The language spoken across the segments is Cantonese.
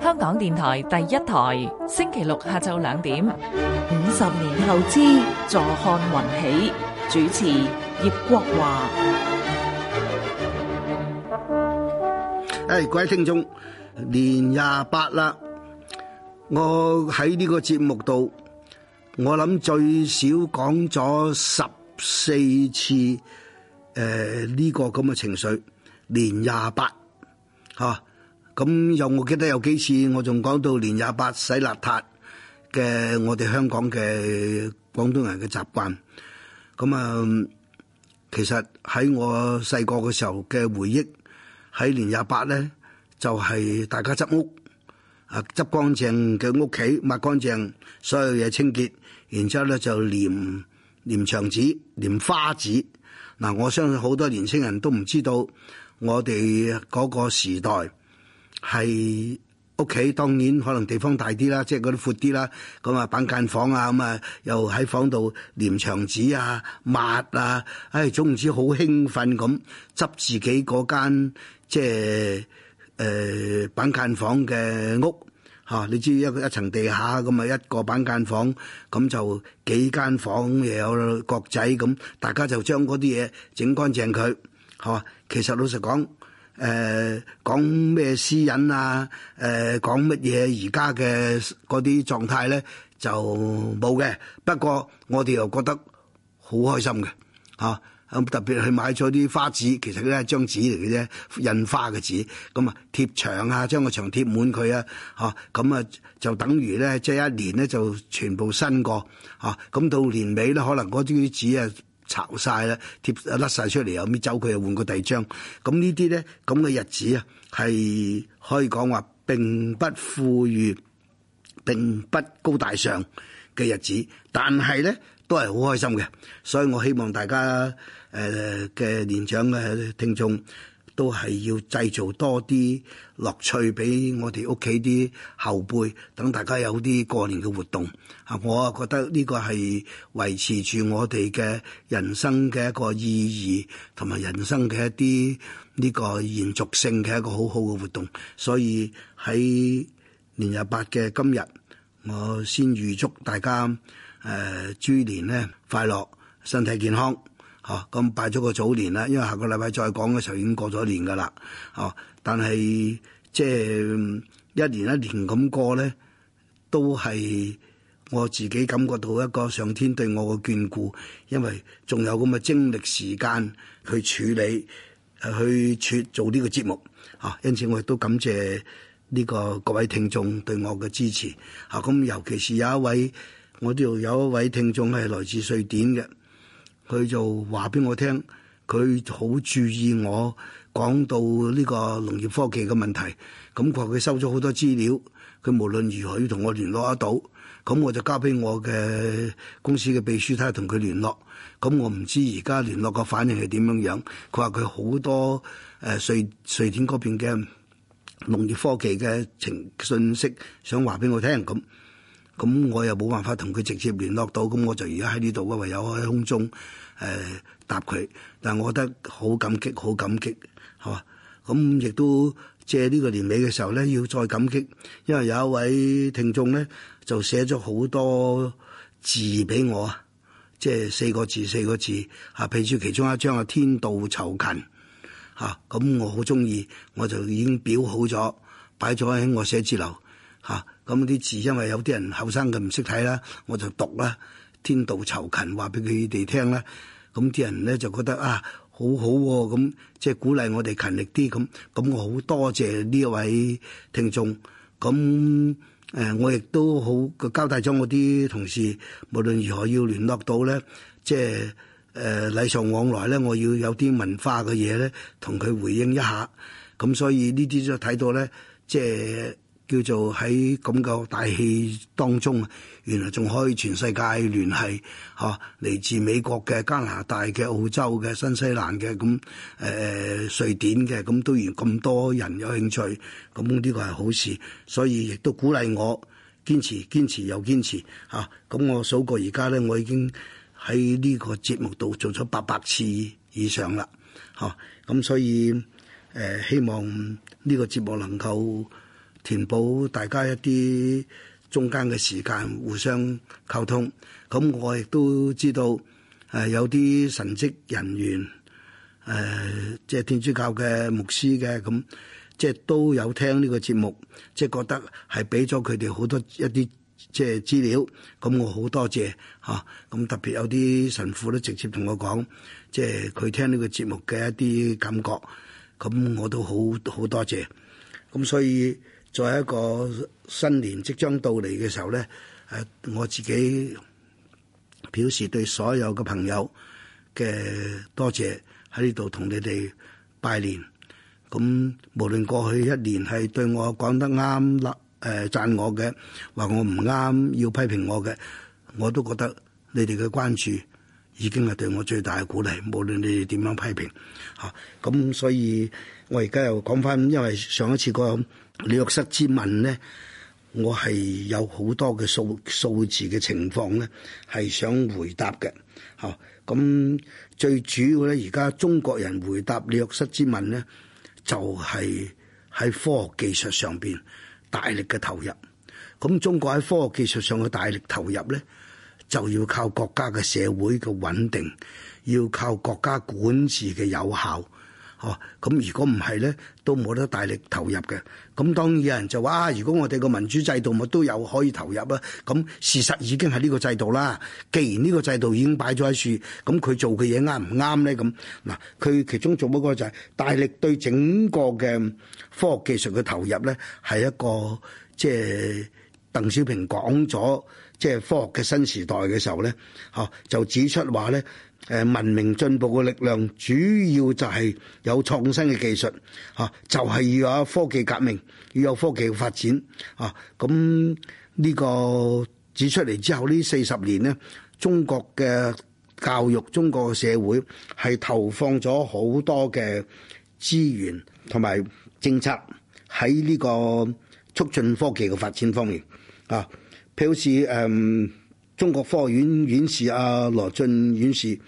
香港電台第一台星期六下晝年廿八，嚇、啊、咁又我記得有幾次，我仲講到年廿八洗邋遢嘅我哋香港嘅廣東人嘅習慣。咁啊，其實喺我細個嘅時候嘅回憶，喺年廿八咧就係、是、大家執屋，啊執乾淨嘅屋企，抹乾淨，所有嘢清潔，然之後咧就粘粘牆紙、粘花紙。嗱、啊，我相信好多年青人都唔知道。我哋嗰個時代係屋企，當然可能地方大啲啦，即係嗰啲闊啲啦。咁啊，板間房啊，咁啊，又喺房度粘牆紙啊、抹啊，唉，總言之，好興奮咁執自己嗰間即係誒板間房嘅屋嚇。你知一個一層地下咁啊，一個板間房咁就幾間房，又有角仔咁，大家就將嗰啲嘢整乾淨佢。嚇，其實老實講，誒、呃、講咩私隱啊，誒、呃、講乜嘢而家嘅嗰啲狀態咧就冇嘅。不過我哋又覺得好開心嘅，嚇、啊、咁特別係買咗啲花紙，其實咧係張紙嚟嘅啫，印花嘅紙。咁啊貼牆啊，將個牆貼滿佢啊，嚇咁啊就等於咧即係一年咧就全部新過，嚇、啊、咁到年尾咧可能嗰啲紙啊～巢曬啦，貼甩曬出嚟，又搣走佢，又換過第張。咁呢啲咧，咁嘅日子啊，係可以講話並不富裕、並不高大上嘅日子，但係咧都係好開心嘅。所以我希望大家誒嘅年長嘅聽眾，都係要製造多啲樂趣俾我哋屋企啲後輩，等大家有啲過年嘅活動。我啊覺得呢個係維持住我哋嘅人生嘅一個意義，同埋人生嘅一啲呢、呢個延續性嘅一個好好嘅活動。所以喺年廿八嘅今日，我先預祝大家誒豬、呃、年咧快樂，身體健康。哦，咁拜咗個早年啦，因為下個禮拜再講嘅時候已經過咗一年噶啦。哦，但係即係一年一年咁過咧，都係我自己感覺到一個上天對我嘅眷顧，因為仲有咁嘅精力時間去處理，去處做呢個節目。啊，因此我亦都感謝呢個各位聽眾對我嘅支持。啊、嗯，咁尤其是有一位，我哋有，有一位聽眾係來自瑞典嘅。佢就話俾我聽，佢好注意我講到呢個農業科技嘅問題。咁佢話佢收咗好多資料，佢無論如何要同我聯絡得到。咁我就交俾我嘅公司嘅秘書，睇下同佢聯絡。咁我唔知而家聯絡嘅反應係點樣樣。佢話佢好多誒瑞瑞典嗰邊嘅農業科技嘅情信息想，想話俾我聽咁。咁我又冇辦法同佢直接聯絡到，咁我就而家喺呢度，唯有喺空中誒答佢。但係我覺得好感激，好感激，嚇！咁亦都借呢個年尾嘅時候咧，要再感激，因為有一位聽眾咧就寫咗好多字俾我，即係四個字，四個字嚇。譬、啊、如其中一張係天道酬勤嚇，咁、啊、我好中意，我就已經裱好咗，擺咗喺我寫字樓嚇。啊咁啲字，因為有啲人後生嘅唔識睇啦，我就讀啦。天道酬勤，話俾佢哋聽啦。咁啲人咧就覺得啊，好好喎、啊。咁即係鼓勵我哋勤力啲。咁咁我好多謝呢一位聽眾。咁誒，我亦都好交代咗我啲同事，無論如何要聯絡到咧，即係誒、呃、禮尚往來咧，我要有啲文化嘅嘢咧，同佢回應一下。咁所以呢啲就睇到咧，即係。叫做喺咁嘅大氣當中，原來仲可以全世界聯繫吓，嚟自美國嘅、加拿大嘅、澳洲嘅、新西蘭嘅、咁誒瑞典嘅咁、嗯，都然咁多人有興趣，咁、嗯、呢、呢個係好事，所以亦都鼓勵我堅持、堅持又堅持吓，咁、啊嗯、我數過而家咧，我已經喺呢個節目度做咗八百次以上啦吓，咁、啊嗯、所以誒、呃、希望呢個節目能夠。填補大家一啲中間嘅時間，互相溝通。咁我亦都知道，誒有啲神職人員，誒即係天主教嘅牧師嘅，咁即係都有聽呢個節目，即係覺得係俾咗佢哋好多一啲即係資料。咁我好多謝嚇。咁，啊，特別有啲神父都直接同我講，即係佢聽呢個節目嘅一啲感覺。咁我都好好多謝。咁所以。作為一個新年即將到嚟嘅時候咧，誒我自己表示對所有嘅朋友嘅多謝，喺呢度同你哋拜年。咁無論過去一年係對我講得啱啦，誒讚我嘅，話我唔啱要批評我嘅，我都覺得你哋嘅關注已經係對我最大嘅鼓勵，無論你哋點樣批評嚇，咁所以我而家又講翻，因為上一次個李約瑟之問咧，我係有好多嘅數數字嘅情況咧，係想回答嘅嚇。咁最主要咧，而家中國人回答李約瑟之問咧，就係、是、喺科學技術上邊大力嘅投入。咁中國喺科學技術上嘅大力投入咧，就要靠國家嘅社會嘅穩定，要靠國家管治嘅有效，哦、啊，咁如果唔係咧，都冇得大力投入嘅。咁、啊、當然有人就話、啊，如果我哋個民主制度，咪都有可以投入啊。咁事實已經係呢個制度啦。既然呢個制度已經擺咗喺樹，咁、啊、佢做嘅嘢啱唔啱咧？咁、啊、嗱，佢其中做乜嘢就係大力對整個嘅科學技術嘅投入咧，係一個即係。鄧小平講咗即係科學嘅新時代嘅時候咧，嚇就指出話咧，誒文明進步嘅力量主要就係有創新嘅技術嚇，就係要有科技革命，要有科技嘅發展嚇。咁呢個指出嚟之後，呢四十年咧，中國嘅教育、中國嘅社會係投放咗好多嘅資源同埋政策喺呢個促進科技嘅發展方面。啊，譬如好似誒中國科學院院士阿，啊、羅俊院士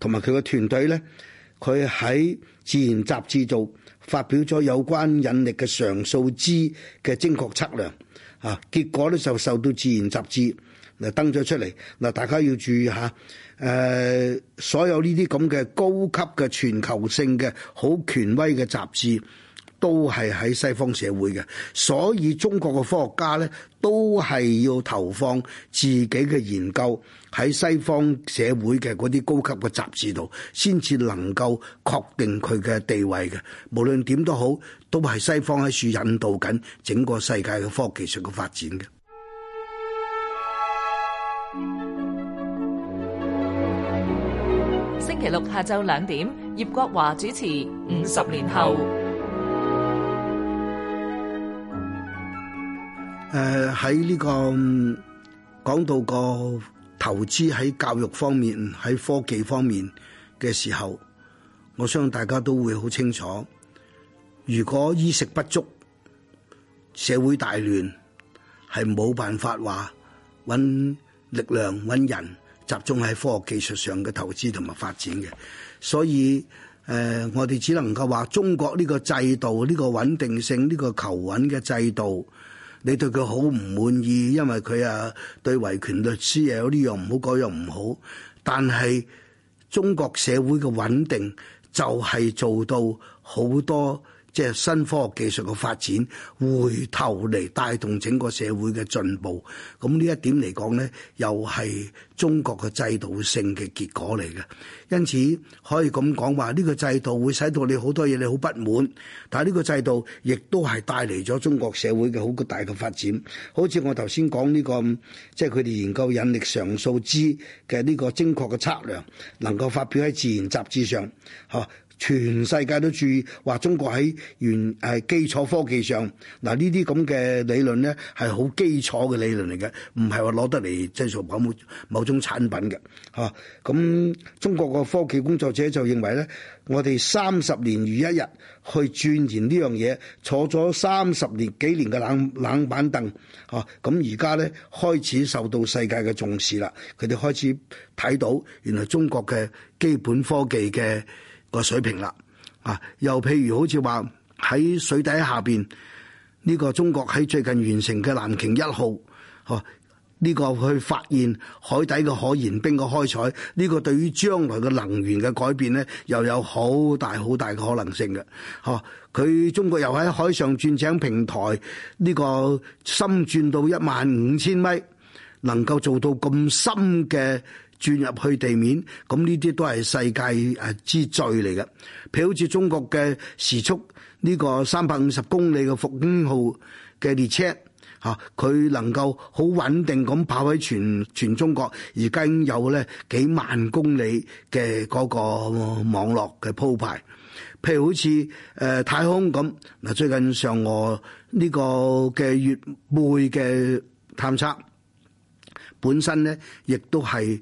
同埋佢嘅團隊咧，佢喺《自然雜誌》度發表咗有關引力嘅常數 G 嘅精確測量，啊，結果咧就受到《自然雜誌》，嗱登咗出嚟，嗱大家要注意嚇，誒、呃、所有呢啲咁嘅高級嘅全球性嘅好權威嘅雜誌。都係喺西方社會嘅，所以中國嘅科學家呢，都係要投放自己嘅研究喺西方社會嘅嗰啲高級嘅雜誌度，先至能夠確定佢嘅地位嘅。無論點都好，都係西方喺處引導緊整個世界嘅科技上嘅發展嘅。星期六下晝兩點，葉國華主持《五十年後》。誒，喺呢個講到個投資喺教育方面，喺科技方面嘅時候，我相信大家都會好清楚。如果衣食不足，社會大亂，係冇辦法話揾力量、揾人集中喺科學技術上嘅投資同埋發展嘅。所以誒，我哋只能夠話中國呢個制度，呢個穩定性，呢個求穩嘅制度。你對佢好唔滿意，因為佢啊對維權律師又有呢樣唔好，嗰樣唔好。但係中國社會嘅穩定就係做到好多。即係新科學技術嘅發展，回頭嚟帶動整個社會嘅進步。咁呢一點嚟講咧，又係中國嘅制度性嘅結果嚟嘅。因此可以咁講話，呢、呢個制度會使到你好多嘢你好不滿，但係呢個制度亦都係帶嚟咗中國社會嘅好個大嘅發展。好似我頭先講呢個，即係佢哋研究引力常數 G 嘅呢個精確嘅測量，能夠發表喺自然雜誌上，嚇。全世界都注意話中國喺原係、啊、基礎科技上，嗱呢啲咁嘅理論咧係好基礎嘅理論嚟嘅，唔係話攞得嚟製造某某種產品嘅。吓、啊，咁、嗯、中國個科技工作者就認為咧，我哋三十年如一日去鑽研呢樣嘢，坐咗三十年幾年嘅冷冷板凳。吓、啊，咁而家咧開始受到世界嘅重視啦，佢哋開始睇到原來中國嘅基本科技嘅。個水平啦，啊！又譬如好似話喺水底下邊呢、這個中國喺最近完成嘅藍鯨一號，嗬、啊、呢、這個去發現海底嘅可燃冰嘅開採，呢、這個對於將來嘅能源嘅改變呢，又有好大好大嘅可能性嘅，嗬、啊！佢中國又喺海上鑽井平台呢、這個深鑽到一萬五千米，能夠做到咁深嘅。轉入去地面，咁呢啲都係世界誒之最嚟嘅。譬如好似中國嘅時速呢個三百五十公里嘅復興號嘅列車，嚇佢能夠好穩定咁跑喺全全中國，而家已經有咧幾萬公里嘅嗰個網絡嘅鋪排。譬如好似誒太空咁，嗱最近嫦娥呢個嘅月背嘅探測，本身咧亦都係。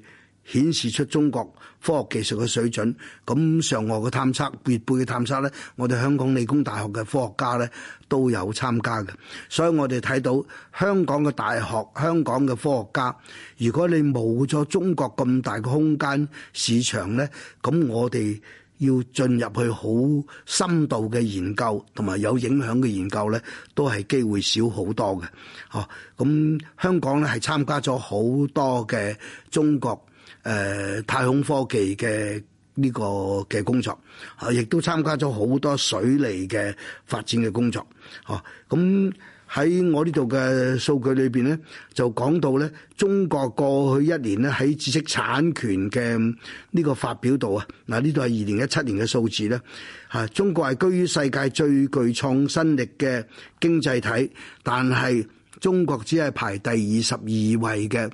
顯示出中國科學技術嘅水準，咁上外嘅探測、月背嘅探測咧，我哋香港理工大學嘅科學家咧都有參加嘅。所以我哋睇到香港嘅大學、香港嘅科學家，如果你冇咗中國咁大嘅空間市場咧，咁我哋要進入去好深度嘅研究同埋有，有影響嘅研究咧，都係機會少多好多嘅。哦，咁香港咧係參加咗好多嘅中國。誒、呃、太空科技嘅呢、這個嘅工作，亦、啊、都參加咗好多水利嘅發展嘅工作。哦、啊，咁喺我數呢度嘅數據裏邊咧，就講到咧，中國過去一年咧喺知識產權嘅呢個發表度啊，嗱呢度係二零一七年嘅數字咧。嚇、啊，中國係居於世界最具創新力嘅經濟體，但係中國只係排第二十二位嘅。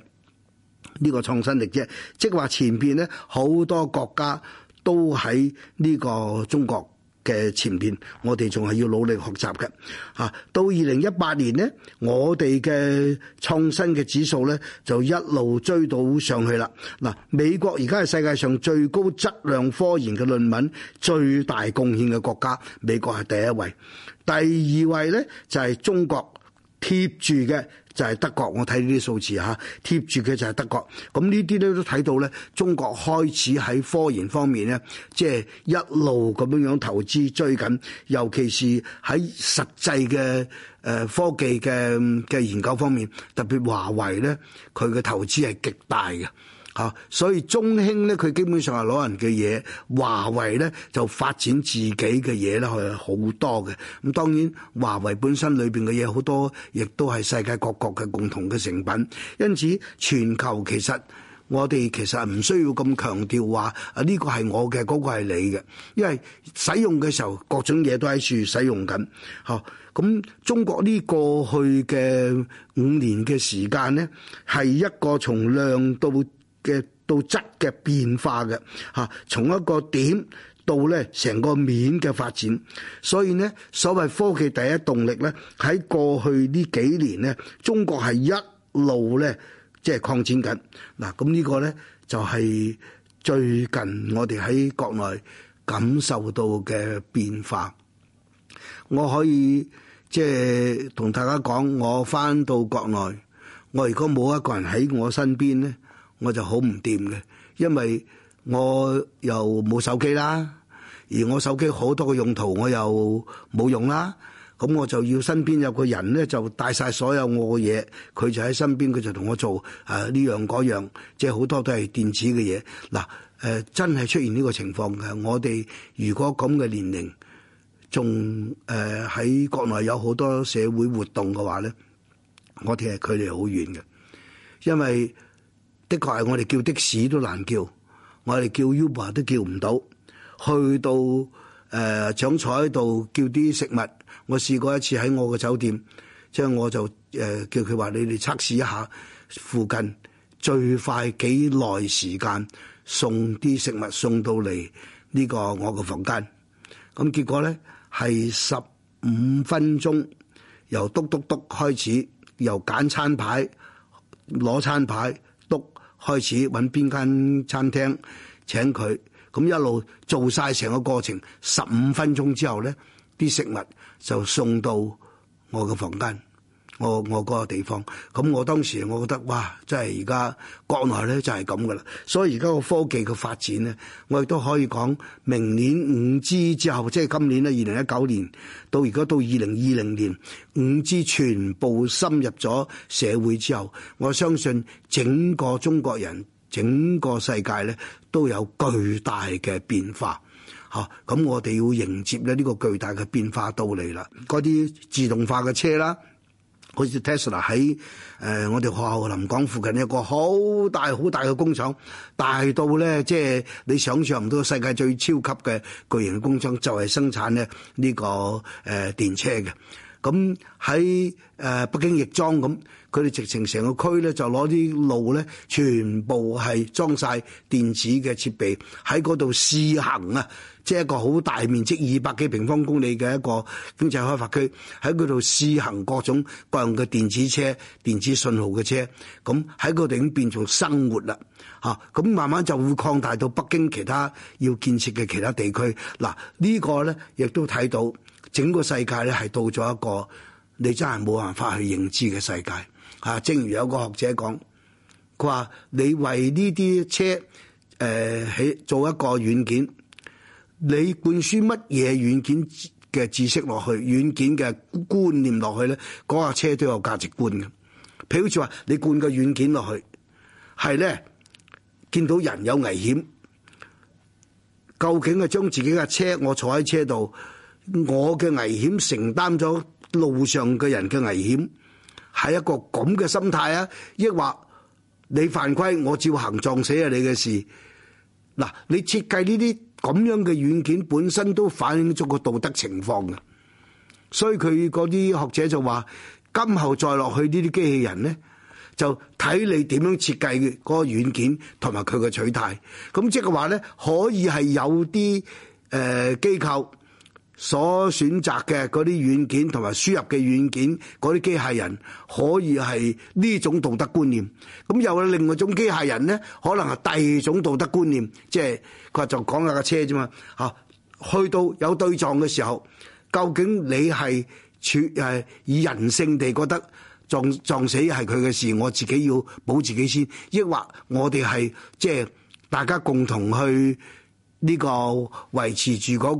呢個創新力啫，即係話前邊咧好多國家都喺呢個中國嘅前邊，我哋仲係要努力學習嘅。嚇，啊，到二零一八年呢，我哋嘅創新嘅指數咧就一路追到上去啦。嗱，啊，美國而家係世界上最高質量科研嘅論文，最大貢獻嘅國家，美國係第一位，第二位咧就係、是、中國貼住嘅。就係德國，我睇呢啲數字嚇貼住嘅就係德國。咁呢啲咧都睇到咧，中國開始喺科研方面咧，即係一路咁樣樣投資追緊，尤其是喺實際嘅誒科技嘅嘅研究方面，特別華為咧，佢嘅投資係極大嘅。啊！所以中興咧，佢基本上係攞人嘅嘢；華為咧就發展自己嘅嘢啦，係好多嘅。咁當然華為本身裏邊嘅嘢好多，亦都係世界各國嘅共同嘅成品。因此全球其實我哋其實唔需要咁強調話啊，呢個係我嘅，嗰個係你嘅，因為使用嘅時候各種嘢都喺處使用緊。嚇、啊！咁中國呢過去嘅五年嘅時間咧，係一個從量到嘅到質嘅變化嘅嚇，從一個點到咧成個面嘅發展，所以咧所謂科技第一動力咧喺過去呢幾年咧，中國係一路咧即係擴展緊嗱。咁呢個咧就係最近我哋喺國內感受到嘅變化。我可以即係同大家講，我返到國內，我如果冇一個人喺我身邊咧。我就好唔掂嘅，因為我又冇手機啦，而我手機好多嘅用途我又冇用啦，咁我就要身邊有個人咧，就帶晒所有我嘅嘢，佢就喺身邊，佢就同我做啊呢樣嗰樣，即係好多都係電子嘅嘢。嗱誒、呃，真係出現呢個情況嘅，我哋如果咁嘅年齡，仲誒喺國內有好多社會活動嘅話咧，我哋係距離好遠嘅，因為。的確係我哋叫的士都難叫，我哋叫 Uber 都叫唔到。去到誒搶彩度叫啲食物，我試過一次喺我嘅酒店，即係我就誒叫佢話，你哋測試一下附近最快幾耐時間送啲食物送到嚟呢個我嘅房間。咁結果咧係十五分鐘，由篤篤篤開始，由揀餐牌攞餐牌。開始揾邊間餐廳請佢，咁一路做曬成個過程，十五分鐘之後咧，啲食物就送到我嘅房間。我我嗰個地方，咁我當時我覺得哇，真係而家國內咧就係咁噶啦，所以而家個科技嘅發展咧，我亦都可以講，明年五 G 之後，即係今年咧二零一九年，到而家到二零二零年，五 G 全部深入咗社會之後，我相信整個中國人、整個世界咧都有巨大嘅變化，嚇！咁我哋要迎接咧呢個巨大嘅變化到嚟啦，嗰啲自動化嘅車啦。好似 Tesla 喺誒、呃、我哋學校臨港附近有個好大好大嘅工廠，大到咧即係你想像唔到，世界最超級嘅巨型工廠就係、是、生產咧呢、這個誒、呃、電車嘅。咁喺誒北京亦莊咁，佢哋直情成個區咧就攞啲路咧，全部係裝晒電子嘅設備喺嗰度試行啊！即係一個好大面積二百幾平方公里嘅一個經濟開發區，喺嗰度試行各種各樣嘅電子車、電子信號嘅車。咁喺嗰度已經變做生活啦，嚇！咁慢慢就會擴大到北京其他要建設嘅其他地區。嗱，呢個咧亦都睇到。整個世界咧係到咗一個你真係冇辦法去認知嘅世界啊！正如有個學者講，佢話：你為呢啲車誒喺、呃、做一個軟件，你灌輸乜嘢軟件嘅知識落去，軟件嘅觀念落去咧，嗰、那、架、個、車都有價值觀嘅。譬如好似話，你灌個軟件落去，係咧見到人有危險，究竟係將自己嘅車，我坐喺車度。我嘅危險承擔咗路上嘅人嘅危險，係一個咁嘅心態啊！抑或你犯規，我照行撞死啊你！你嘅事嗱，你設計呢啲咁樣嘅軟件，本身都反映咗個道德情況啊，所以佢嗰啲學者就話，今後再落去呢啲機器人咧，就睇你點樣設計嘅嗰個軟件同埋佢嘅取態。咁即係話咧，可以係有啲誒機構。所選擇嘅嗰啲軟件同埋輸入嘅軟件，嗰啲機械人可以係呢種道德觀念。咁又有另外一種機械人咧，可能係第二種道德觀念，即係佢話就講下架車啫嘛。嚇、啊，去到有對撞嘅時候，究竟你係處誒以人性地覺得撞撞死係佢嘅事，我自己要保自己先，抑或我哋係即係大家共同去？呢個維持住個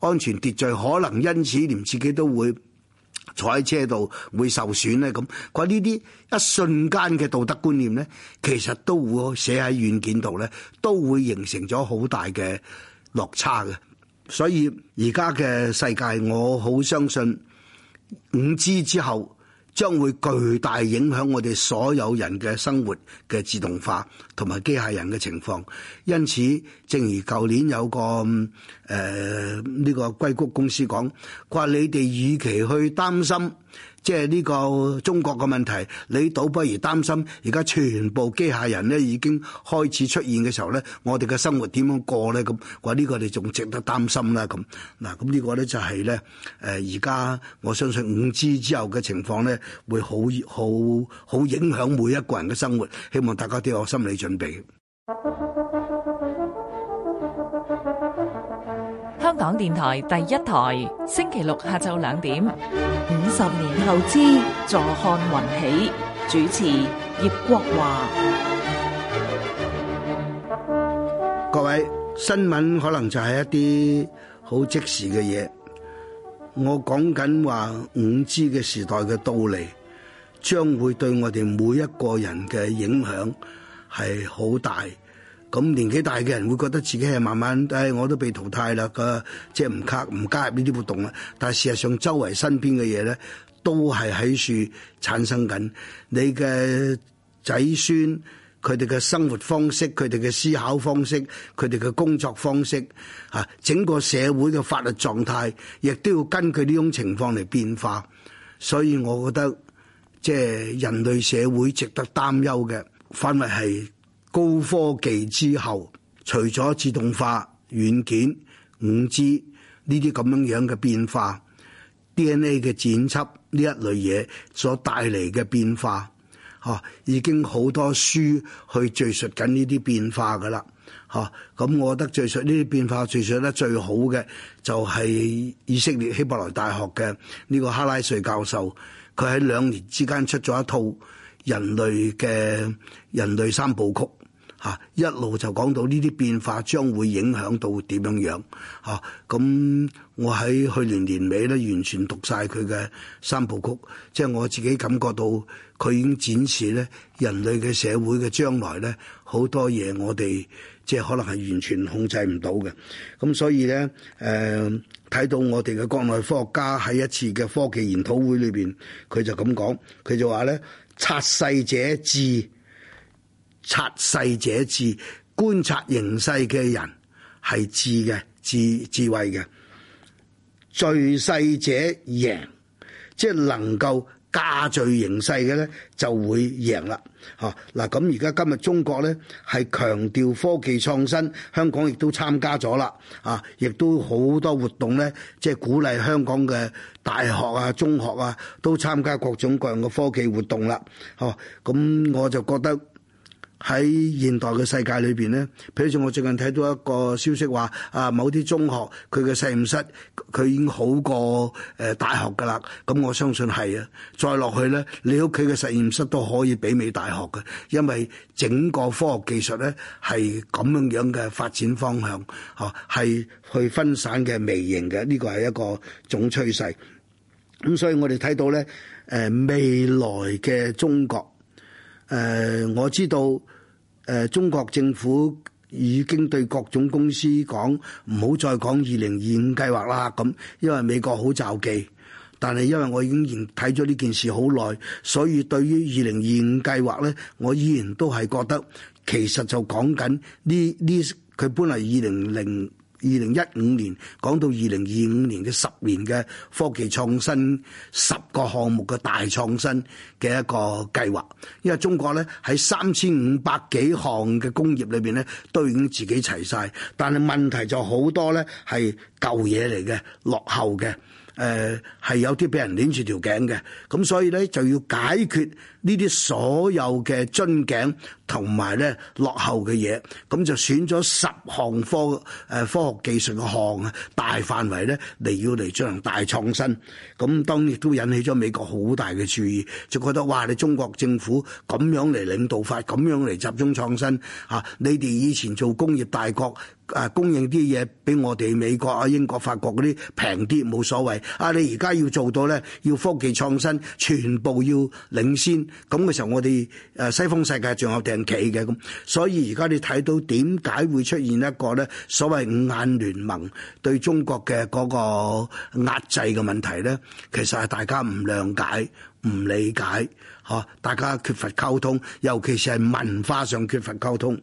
安全秩序，可能因此連自己都會坐喺車度會受損咧。咁佢呢啲一瞬間嘅道德觀念咧，其實都會寫喺軟件度咧，都會形成咗好大嘅落差嘅。所以而家嘅世界，我好相信 5G 之後。將會巨大影響我哋所有人嘅生活嘅自動化同埋機械人嘅情況，因此，正如舊年有個誒呢、呃呢個硅谷公司講，話你哋與其去擔心。即係呢個中國嘅問題，你倒不如擔心而家全部機械人咧已經開始出現嘅時候咧，我哋嘅生活點樣過咧？咁我話呢個你仲值得擔心啦。咁嗱，咁呢個咧就係咧，誒而家我相信五 G 之後嘅情況咧，會好好好影響每一個人嘅生活，希望大家都有心理準備。港電台第一台，星期六下晝兩點，五十年後之坐看雲起，主持葉國華。各位，新聞可能就係一啲好即時嘅嘢，我講緊話 5G 嘅時代嘅到嚟，將會對我哋每一個人嘅影響係好大。咁年紀大嘅人會覺得自己係慢慢，唉，我都被淘汰啦，個即係唔卡唔加入呢啲活動啦。但係事實上，周圍身邊嘅嘢咧，都係喺處產生緊。你嘅仔孫佢哋嘅生活方式，佢哋嘅思考方式，佢哋嘅工作方式，嚇整個社會嘅法律狀態，亦都要根據呢種情況嚟變化。所以，我覺得即係人類社會值得擔憂嘅範圍係。高科技之後，除咗自動化、軟件、5G 呢啲咁樣樣嘅變化，DNA 嘅剪輯呢一類嘢所帶嚟嘅變化，吓、啊、已經好多書去敘述緊呢啲變化噶啦，嚇、啊、咁我覺得敘述呢啲變化敘述得最好嘅就係以色列希伯來大學嘅呢個哈拉瑞教授，佢喺兩年之間出咗一套人類嘅人類三部曲。啊！一路就講到呢啲變化將會影響到點樣樣、啊、嚇，咁我喺去年年尾咧完全讀晒佢嘅三部曲，即係我自己感覺到佢已經展示咧人類嘅社會嘅將來咧好多嘢我哋即係可能係完全控制唔到嘅，咁所以咧誒睇到我哋嘅國內科學家喺一次嘅科技研討會裏邊，佢就咁講，佢就話咧：察世者智。察勢者智，觀察形勢嘅人係智嘅，智智慧嘅。聚勢者贏，即係能夠加聚形勢嘅呢，就會贏啦。嚇嗱，咁而家今日中國呢，係強調科技創新，香港亦都參加咗啦。啊，亦都好多活動呢，即係鼓勵香港嘅大學啊、中學啊，都參加各種各樣嘅科技活動啦。哦，咁我就覺得。喺現代嘅世界裏邊咧，譬如我最近睇到一個消息話，啊，某啲中學佢嘅實驗室佢已經好過誒、呃、大學㗎喇，咁我相信係啊。再落去咧，你屋企嘅實驗室都可以媲美大學嘅，因為整個科學技術咧係咁樣樣嘅發展方向，嚇、啊、係去分散嘅微型嘅，呢個係一個總趨勢。咁所以我哋睇到咧，誒、呃、未來嘅中國。誒、呃、我知道，誒、呃、中國政府已經對各種公司講唔好再講二零二五計劃啦，咁因為美國好招忌，但係因為我已經睇咗呢件事好耐，所以對於二零二五計劃呢，我依然都係覺得其實就講緊呢呢，佢本來二零零。二零一五年講到二零二五年嘅十年嘅科技創新，十個項目嘅大創新嘅一個計劃，因為中國咧喺三千五百幾項嘅工業裏邊咧，都已經自己齊晒，但係問題就好多咧，係舊嘢嚟嘅，落後嘅。誒係、呃、有啲俾人攆住條頸嘅，咁所以咧就要解決呢啲所有嘅樽頸同埋咧落後嘅嘢，咁就選咗十項科誒、呃、科學技術嘅項啊，大範圍咧嚟要嚟進行大創新。咁當然都引起咗美國好大嘅注意，就覺得哇！你中國政府咁樣嚟領導法，咁樣嚟集中創新啊！你哋以前做工業大國。啊！供應啲嘢俾我哋美國啊、英國、法國嗰啲平啲冇所謂。啊！你而家要做到咧，要科技創新，全部要領先。咁嘅時候，我哋誒西方世界仲有訂企嘅咁。所以而家你睇到點解會出現一個咧所謂五眼聯盟對中國嘅嗰個壓制嘅問題咧？其實係大家唔諒解、唔理解，嚇大家缺乏溝通，尤其是係文化上缺乏溝通。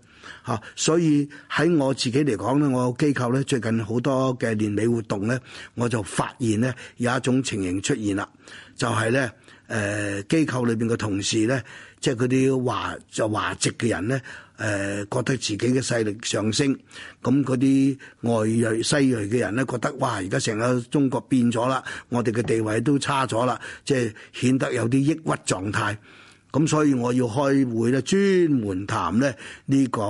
嚇！所以喺我自己嚟講咧，我機構咧最近好多嘅年尾活動咧，我就發現咧有一種情形出現啦，就係咧誒機構裏邊嘅同事咧，即係嗰啲華就華籍嘅人咧，誒、呃、覺得自己嘅勢力上升，咁嗰啲外裔西裔嘅人咧覺得哇，而家成個中國變咗啦，我哋嘅地位都差咗啦，即係顯得有啲抑鬱狀態。咁所以我要開會咧，專門談咧呢個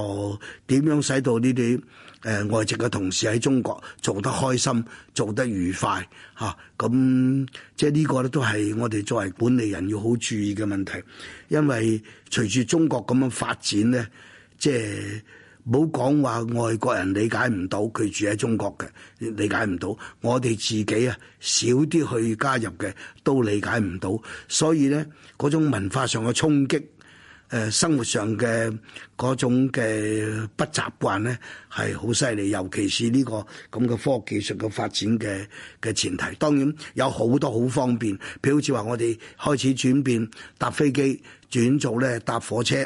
點樣使到呢啲誒外籍嘅同事喺中國做得開心、做得愉快嚇。咁、啊、即係呢個咧都係我哋作為管理人要好注意嘅問題，因為隨住中國咁樣發展咧，即係。冇講話外國人理解唔到，佢住喺中國嘅理解唔到，我哋自己啊少啲去加入嘅都理解唔到，所以咧嗰種文化上嘅衝擊，誒生活上嘅嗰種嘅不習慣咧係好犀利，尤其是呢個咁嘅科技上嘅發展嘅嘅前提。當然有好多好方便，譬如好似話我哋開始轉變搭飛機轉做咧搭火車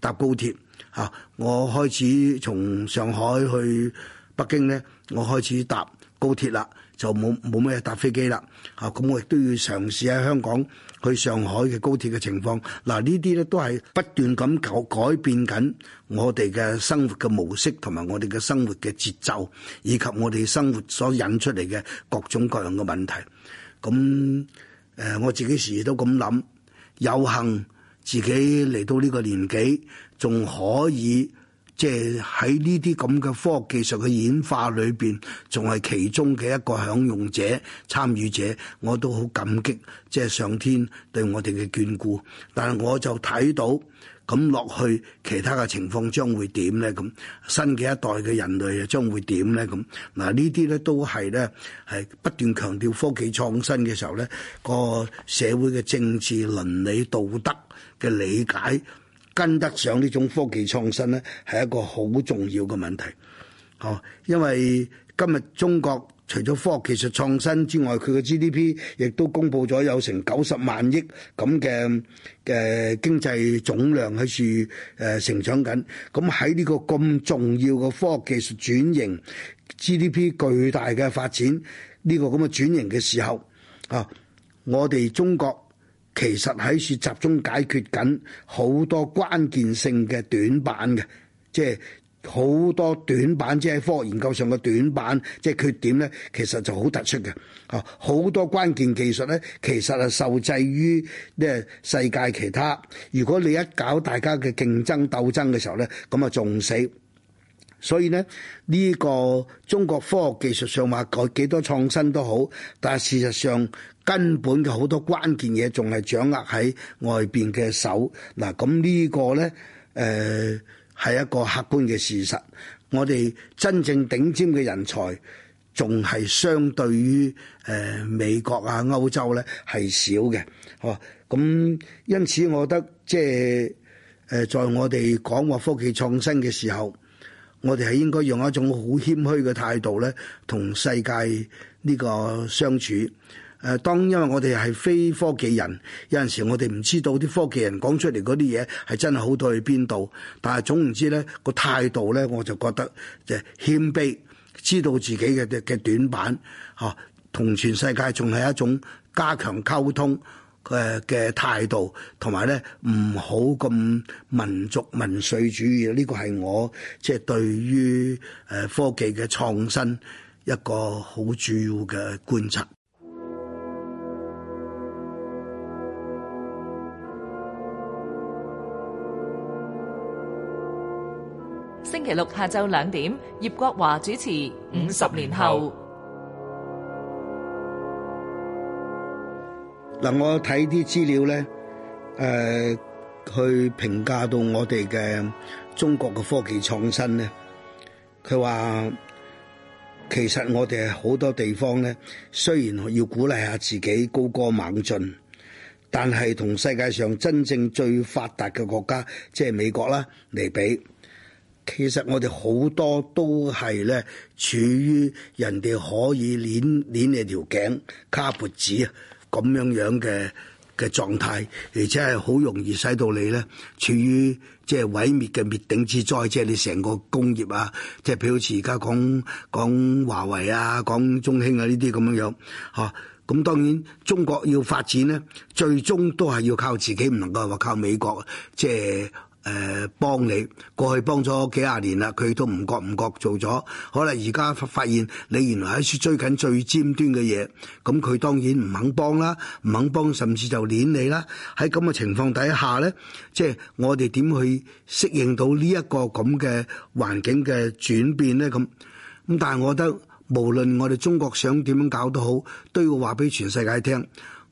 搭高鐵。嚇！我開始從上海去北京咧，我開始搭高鐵啦，就冇冇咩搭飛機啦。嚇、啊！咁我亦都要嘗試喺香港去上海嘅高鐵嘅情況。嗱、啊，呢啲咧都係不斷咁改改變緊我哋嘅生活嘅模式，同埋我哋嘅生活嘅節奏，以及我哋生活所引出嚟嘅各種各樣嘅問題。咁、啊、誒，我自己時時都咁諗，有幸。自己嚟到呢個年紀，仲可以即係喺呢啲咁嘅科學技術嘅演化裏邊，仲係其中嘅一個享用者、參與者，我都好感激，即係上天對我哋嘅眷顧。但係我就睇到。咁落去，其他嘅情況將會點呢？咁新嘅一代嘅人類又將會點呢？咁嗱，呢啲咧都係咧係不斷強調科技創新嘅時候咧，個社會嘅政治倫理道德嘅理解跟得上呢種科技創新咧，係一個好重要嘅問題。哦，因為今日中國。除咗科學技術創新之外，佢嘅 GDP 亦都公布咗有成九十萬億咁嘅嘅經濟總量喺處誒成長緊。咁喺呢個咁重要嘅科學技術轉型、GDP 巨大嘅發展呢、這個咁嘅轉型嘅時候啊，我哋中國其實喺處集中解決緊好多關鍵性嘅短板嘅，即係。好多短板，即係科學研究上嘅短板，即係缺點咧，其實就好突出嘅。啊，好多關鍵技術咧，其實係受制於即係世界其他。如果你一搞大家嘅競爭鬥爭嘅時候咧，咁啊仲死。所以咧，呢、這個中國科學技術上話改幾多創新都好，但係事實上根本嘅好多關鍵嘢仲係掌握喺外邊嘅手。嗱、啊，咁、嗯這個、呢個咧，誒、呃。係一個客觀嘅事實，我哋真正頂尖嘅人才，仲係相對於誒、呃、美國啊、歐洲咧係少嘅，哦，咁因此我覺得即係誒、呃，在我哋講話科技創新嘅時候，我哋係應該用一種好謙虛嘅態度咧，同世界呢個相處。誒，當因為我哋係非科技人，有陣時我哋唔知道啲科技人講出嚟嗰啲嘢係真係好到去邊度。但係總之咧個態度咧，我就覺得即係謙卑，知道自己嘅嘅短板嚇，同、啊、全世界仲係一種加強溝通嘅嘅態度，同埋咧唔好咁民族民粹主義。呢、這個係我即係、就是、對於誒科技嘅創新一個好主要嘅觀察。星期六下晝兩點，葉國華主持《五十年後》五五。嗱， 我睇啲資料咧，誒、呃，去評價到我哋嘅中國嘅科技創新咧。佢話其實我哋好多地方咧，雖然要鼓勵下自己高歌猛進，但係同世界上真正最發達嘅國家，即係美國啦嚟比。其實我哋好多都係咧，處於人哋可以攆攆你條頸、卡脖子啊咁樣樣嘅嘅狀態，而且係好容易使到你咧處於即係毀滅嘅滅頂之災，即係你成個工業啊，即係譬如好似而家講講華為啊、講中興啊呢啲咁樣樣嚇。咁、啊、當然中國要發展咧，最終都係要靠自己，唔能夠話靠美國即係。誒，幫你過去幫咗幾十年啦，佢都唔覺唔覺做咗，可能而家發現你原來喺追緊最尖端嘅嘢，咁佢當然唔肯幫啦，唔肯幫，甚至就碾你啦。喺咁嘅情況底下呢，即係我哋點去適應到呢一個咁嘅環境嘅轉變呢？咁、咁，但係我覺得無論我哋中國想點樣搞都好，都要話俾全世界聽。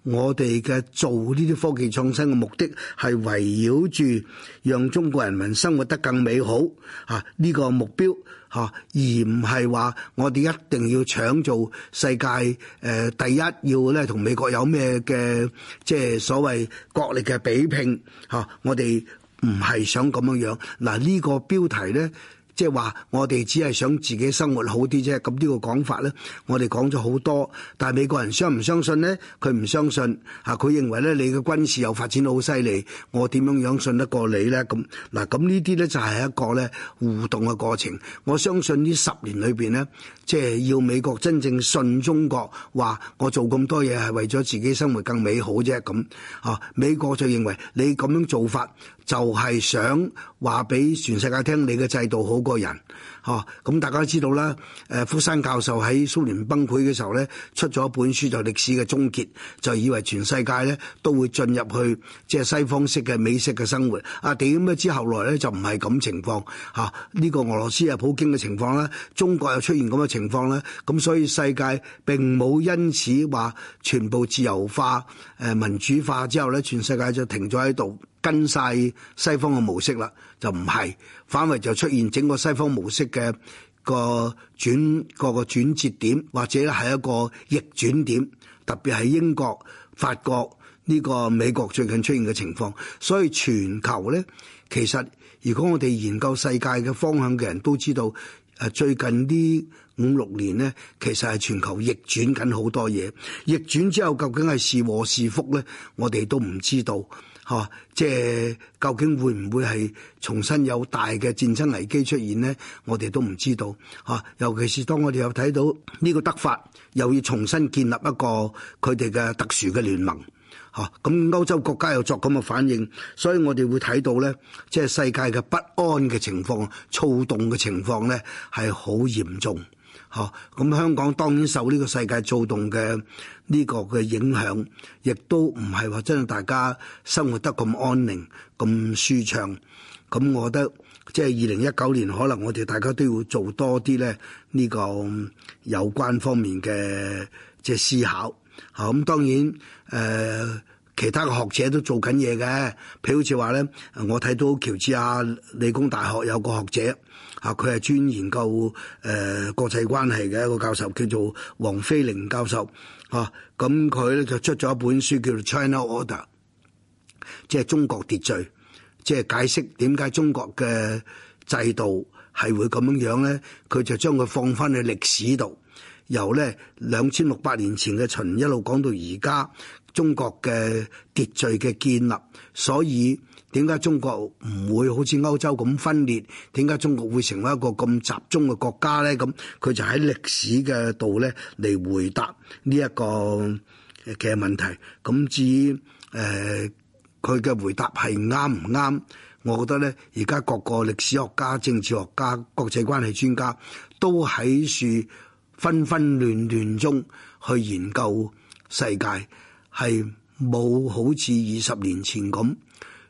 我哋嘅做呢啲科技創新嘅目的係圍繞住讓中國人民生活得更美好啊！呢、這個目標嚇、啊，而唔係話我哋一定要搶做世界誒、呃、第一，要咧同美國有咩嘅即係所謂國力嘅比拼嚇、啊。我哋唔係想咁樣樣。嗱、啊、呢、這個標題咧。即係話，我哋只係想自己生活好啲啫。咁呢個講法呢，我哋講咗好多，但係美國人相唔相信呢？佢唔相信啊，佢、啊、認為咧，你嘅軍事又發展到好犀利，我點樣樣信得過你呢？咁嗱，咁呢啲呢，就係、是、一個呢互動嘅過程。我相信呢十年裏邊呢，即、就、係、是、要美國真正信中國，話我做咁多嘢係為咗自己生活更美好啫。咁啊，啊，美國就認為你咁樣做法。就係想話俾全世界聽，你嘅制度好過人。哦，咁、啊、大家都知道啦。誒，福山教授喺蘇聯崩潰嘅時候咧，出咗一本書就是、歷史嘅終結，就以為全世界咧都會進入去即係西方式嘅美式嘅生活。啊，點咁啊？之後來咧就唔係咁情況。嚇、啊、呢、這個俄羅斯啊，普京嘅情況咧，中國又出現咁嘅情況咧，咁、啊、所以世界並冇因此話全部自由化、誒、呃、民主化之後咧，全世界就停咗喺度跟晒西方嘅模式啦。就唔係，反為就出現整個西方模式嘅個轉，個個轉折點或者係一個逆轉點，特別係英國、法國呢個美國最近出現嘅情況。所以全球咧，其實如果我哋研究世界嘅方向嘅人都知道，誒，最近呢五六年咧，其實係全球逆轉緊好多嘢。逆轉之後究竟係是禍是福咧，我哋都唔知道。嚇、哦，即係究竟會唔會係重新有大嘅戰爭危機出現呢？我哋都唔知道嚇、哦。尤其是當我哋又睇到呢個德法又要重新建立一個佢哋嘅特殊嘅聯盟，嚇、哦、咁歐洲國家又作咁嘅反應，所以我哋會睇到咧，即係世界嘅不安嘅情況、躁動嘅情況咧，係好嚴重。嚇！咁、嗯、香港當然受呢個世界躁動嘅呢、呢個嘅影響，亦都唔係話真係大家生活得咁安寧、咁舒暢。咁、嗯、我覺得即係二零一九年，可能我哋大家都要做多啲咧呢、呢個有關方面嘅即係思考。嚇！咁、嗯、當然誒。呃其他嘅學者都做緊嘢嘅，譬如好似話咧，我睇到喬治亞理工大學有個學者，啊，佢係專研究誒、呃、國際關係嘅一個教授，叫做王菲玲教授，嚇、啊，咁佢咧就出咗一本書叫做《China Order》，即係中國秩序，即係解釋點解中國嘅制度係會咁樣樣咧，佢就將佢放翻去歷史度，由咧兩千六百年前嘅秦一路講到而家。中國嘅秩序嘅建立，所以點解中國唔會好似歐洲咁分裂？點解中國會成為一個咁集中嘅國家呢？咁佢就喺歷史嘅度呢嚟回答呢一個嘅問題。咁至於誒佢嘅回答係啱唔啱？我覺得呢，而家各個歷史學家、政治學家、國際關係專家都喺處紛紛亂亂中去研究世界。係冇好似二十年前咁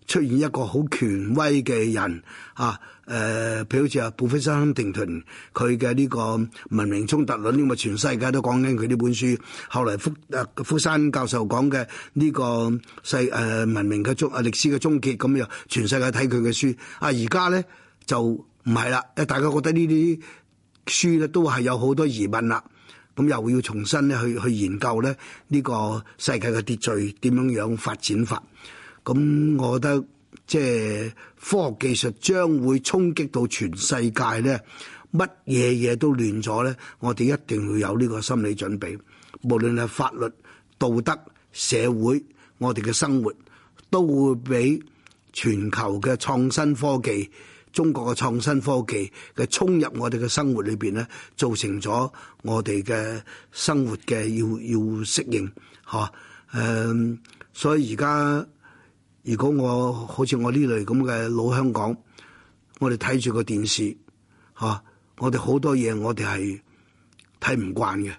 出現一個好權威嘅人啊。誒、呃，譬如好似 Professor Huntington，佢嘅呢個文明衝突論咁啊，全世界都講緊佢呢本書。後嚟福福山教授講嘅呢個世誒、呃、文明嘅終啊歷史嘅終結咁樣，全世界睇佢嘅書。啊，而家咧就唔係啦，誒大家覺得呢啲書咧都係有好多疑問啦。咁又要重新咧去去研究咧呢個世界嘅秩序點樣樣發展法？咁我覺得即係科學技術將會衝擊到全世界咧，乜嘢嘢都亂咗咧。我哋一定要有呢個心理準備，無論係法律、道德、社會，我哋嘅生活都會俾全球嘅創新科技。中國嘅創新科技嘅衝入我哋嘅生活裏邊咧，造成咗我哋嘅生活嘅要要適應吓。誒，um, 所以而家如果我好似我呢類咁嘅老香港，我哋睇住個電視吓，我哋好多嘢我哋係睇唔慣嘅。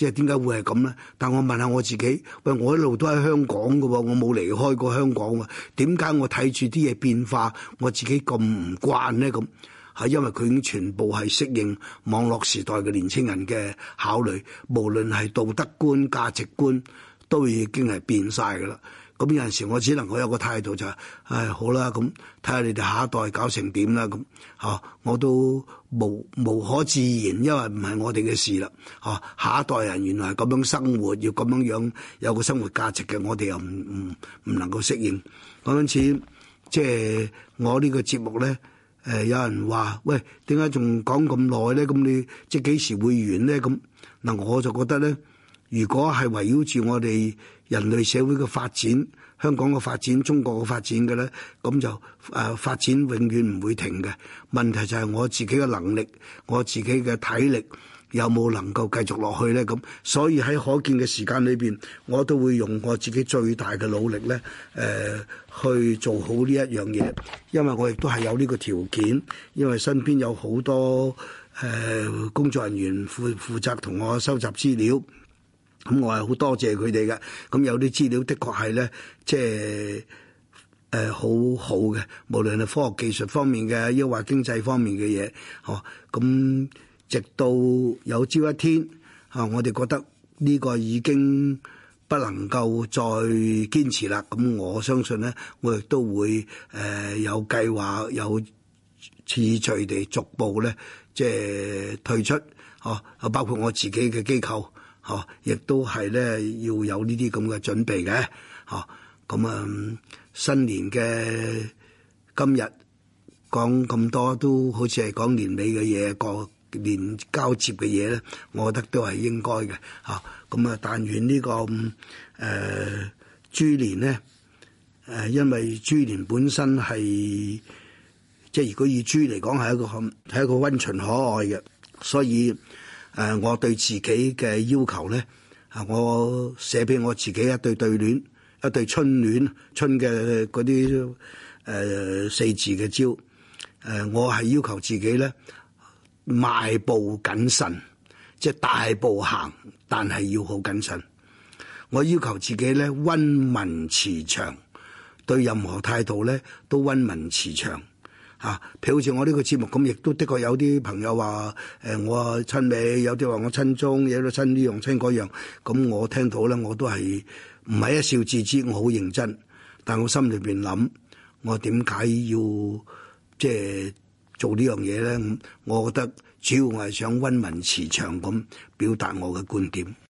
即係點解會係咁咧？但我問下我自己，喂，我一路都喺香港㗎喎，我冇離開過香港喎，點解我睇住啲嘢變化，我自己咁唔慣咧？咁係因為佢已經全部係適應網絡時代嘅年青人嘅考慮，無論係道德觀、價值觀，都已經係變晒㗎啦。咁有陣時，我只能我有個態度就係、是，唉，好啦，咁睇下你哋下一代搞成點啦，咁嚇、啊、我都無無可自然，因為唔係我哋嘅事啦，嚇、啊、下一代人原來係咁樣生活，要咁樣樣有個生活價值嘅，我哋又唔唔唔能夠適應。咁因此，即係我呢個節目咧，誒、呃、有人話，喂，點解仲講咁耐咧？咁你即幾時會完咧？咁嗱，我就覺得咧。如果係圍繞住我哋人類社會嘅發展、香港嘅發展、中國嘅發展嘅咧，咁就誒發展永遠唔會停嘅。問題就係我自己嘅能力、我自己嘅體力有冇能夠繼續落去咧？咁所以喺可見嘅時間裏邊，我都會用我自己最大嘅努力咧，誒、呃、去做好呢一樣嘢，因為我亦都係有呢個條件，因為身邊有好多誒、呃、工作人員負負責同我收集資料。咁我係好多謝佢哋嘅，咁有啲資料的確係咧，即係誒好好嘅，無論係科學技術方面嘅，抑或經濟方面嘅嘢，哦，咁直到有朝一天，啊，我哋覺得呢個已經不能夠再堅持啦，咁我相信咧，我亦都會誒有計劃、有次序地逐步咧，即係退出，哦，包括我自己嘅機構。亦、哦、都係咧要有呢啲咁嘅準備嘅，哦，咁、嗯、啊，新年嘅今日講咁多都好似係講年尾嘅嘢，過年交接嘅嘢咧，我覺得都係應該嘅，嚇，咁啊，但願、呢個呃、豬年呢個誒豬年咧，誒、呃，因為豬年本身係即係如果以豬嚟講係一個係一個温馴可愛嘅，所以。誒，我對自己嘅要求咧，啊，我寫俾我自己一對對聯，一對春聯，春嘅啲誒四字嘅招。誒、呃，我係要求自己咧，邁步謹慎，即係大步行，但係要好謹慎。我要求自己咧，溫文慈祥，對任何態度咧都溫文慈祥。啊，譬如好似我呢個節目咁，亦都的確有啲朋友話：誒、欸，我親美，有啲話我親中，有啲親呢樣親嗰樣。咁我聽到咧，我都係唔係一笑置之？我好認真，但我心裏邊諗，我點解要即係、就是、做呢樣嘢咧？我覺得主要我係想溫文慈祥咁表達我嘅觀點。